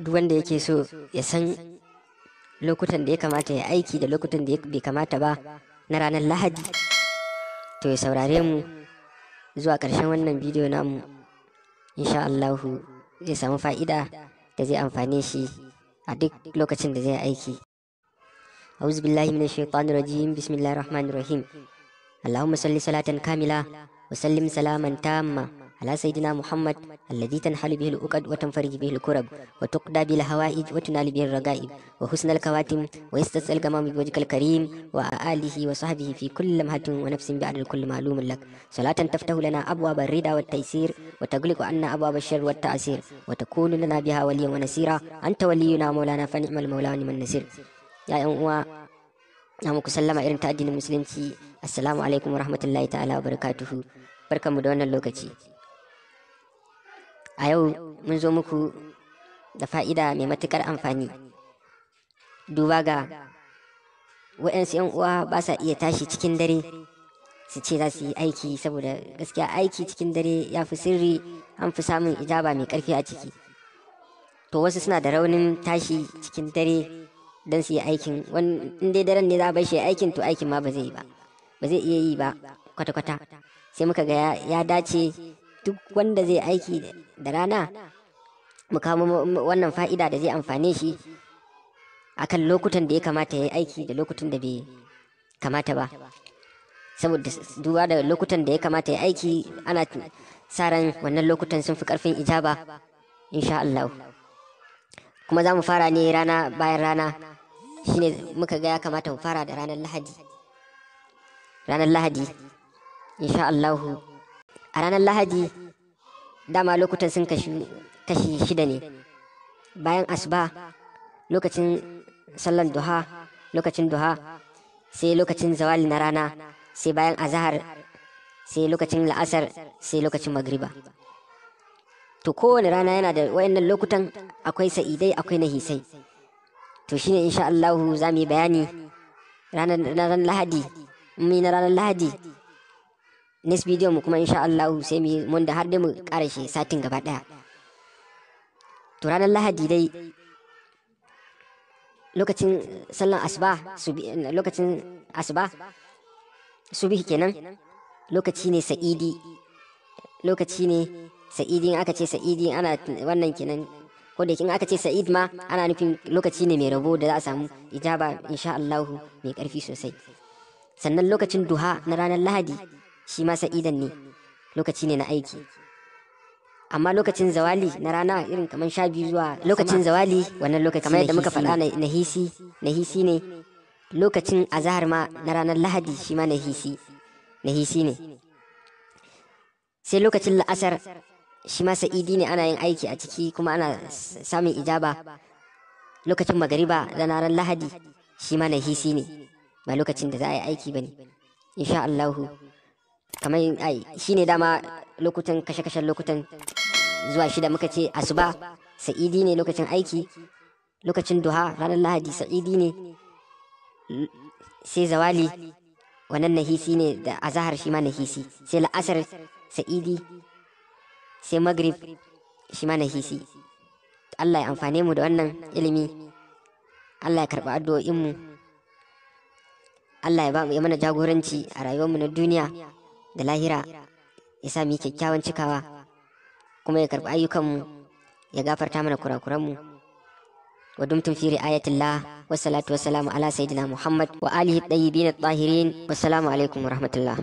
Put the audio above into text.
duk wanda yake so ya san lokutan da ya kamata ya aiki da lokutan da bai kamata ba na ranar lahadi to ya saurare mu zuwa karshen wannan bidiyo namu insha Allahu zai samu fa'ida da zai amfane shi a duk lokacin da zai aiki a'udhu billahi minash shaitanir rajim, bismillahir rahmanir rahim. Allahumma اللهم صل صلاة كاملة وسلم سلاما تاما على سيدنا محمد الذي تنحل به الأكد وتنفرج به الكرب وتقدى بالهوائج وتنال به الرغائب وحسن الكواتم ويستسأل الجمام بوجهك الكريم وآله وصحبه في كل لمحة ونفس بعد كل معلوم لك صلاة تفتح لنا أبواب الرضا والتيسير وتغلق عنا أبواب الشر والتعسير وتكون لنا بها وليا ونسيرا أنت ولينا مولانا فنعم المولى ونعم النسير يا أيها na muku sallama irin ta addinin musulunci assalamu alaikum warahmatullahi ta'ala wa barakatuhu barkanmu a yau mun zo muku da fa'ida mai matuƙar amfani duba ga waɗansu 'yan uwa ba sa iya tashi cikin dare su ce za su yi aiki saboda gaskiya aiki cikin dare ya fi sirri an fi samun ijaba mai ƙarfi a ciki to wasu suna da raunin tashi cikin dare don su yi aikin in dai daren ne za a bar shi aikin to aikin ma ba zai iya yi ba kwata-kwata sai muka ga ya dace duk wanda zai aiki da rana mu kamo wannan fa'ida da zai amfane shi akan lokutan da ya kamata ya yi aiki da lokutan da bai kamata ba saboda duba da lokutan da ya kamata ya aiki ana sa ran wannan lokutan sun fi karfin ijaba insha Allah kuma za mu fara ne rana bayan rana shine muka ga ya kamata mu fara da ranar lahadi ranar lahadi insha Allah a ranar lahadi dama lokutan sun kashi shida ne bayan asuba lokacin sallan duha lokacin duha sai lokacin zawali na rana sai bayan azahar sai lokacin la'asar sai lokacin magriba to kowane rana yana da wayannan lokutan akwai sa'idai akwai na Hisai. to shine insha Insha'Allahu za mu yi bayani ranar lahadi mun na ranar lahadi next video mu kuma insha Allah sai mu wanda har dai mu karashe satin gaba daya to ranar lahadi dai lokacin sallan asuba lokacin asuba subi kenan lokaci ne sa'idi lokaci ne sa'idi in aka ce sa'idi ana wannan kenan ko da in aka ce sa'id ma ana nufin lokaci ne mai rabo da za a samu ijaba insha Allah mai karfi sosai sannan lokacin duha na ranar lahadi shi ma sa'idan ne lokaci ne na aiki amma lokacin zawali na rana irin kamar sha biyu zuwa lokacin zawali wannan lokaci kamar yadda muka faɗa na hisi na hisi ne lokacin azahar ma na ranar lahadi shi ma na hisi na hisi ne sai lokacin la'asar shi ma sa'idi ne ana yin aiki a ciki kuma ana samun ijaba lokacin magariba da ranar lahadi shi ma na hisi ne ba lokacin da za a yi aiki ba ne insha Allahu kamar ai shi ne dama lokutan kashe-kashen lokutan zuwa shida muka ce asuba sa'idi ne lokacin aiki lokacin duha ranar lahadi sa'idi ne sai zawali wannan nahisi ne da azahar shi ma nahisi sai la'asar sa'idi sai magrib shi ma nahisi Allah ya amfane mu da wannan ilimi Allah ya karɓi addu'o'inmu Allah ya ba mu mana jagoranci a rayuwarmu na duniya da lahira ya sa mu kyakkyawan cikawa kuma ya karɓi ayyukanmu ya gafarta mana kurakuranmu wa dumtum fi ri'ayatillah wa salatu wa salamu ala sayyidina muhammad wa alihi tayyibin at-tahirin wa salamu alaikum wa rahmatullah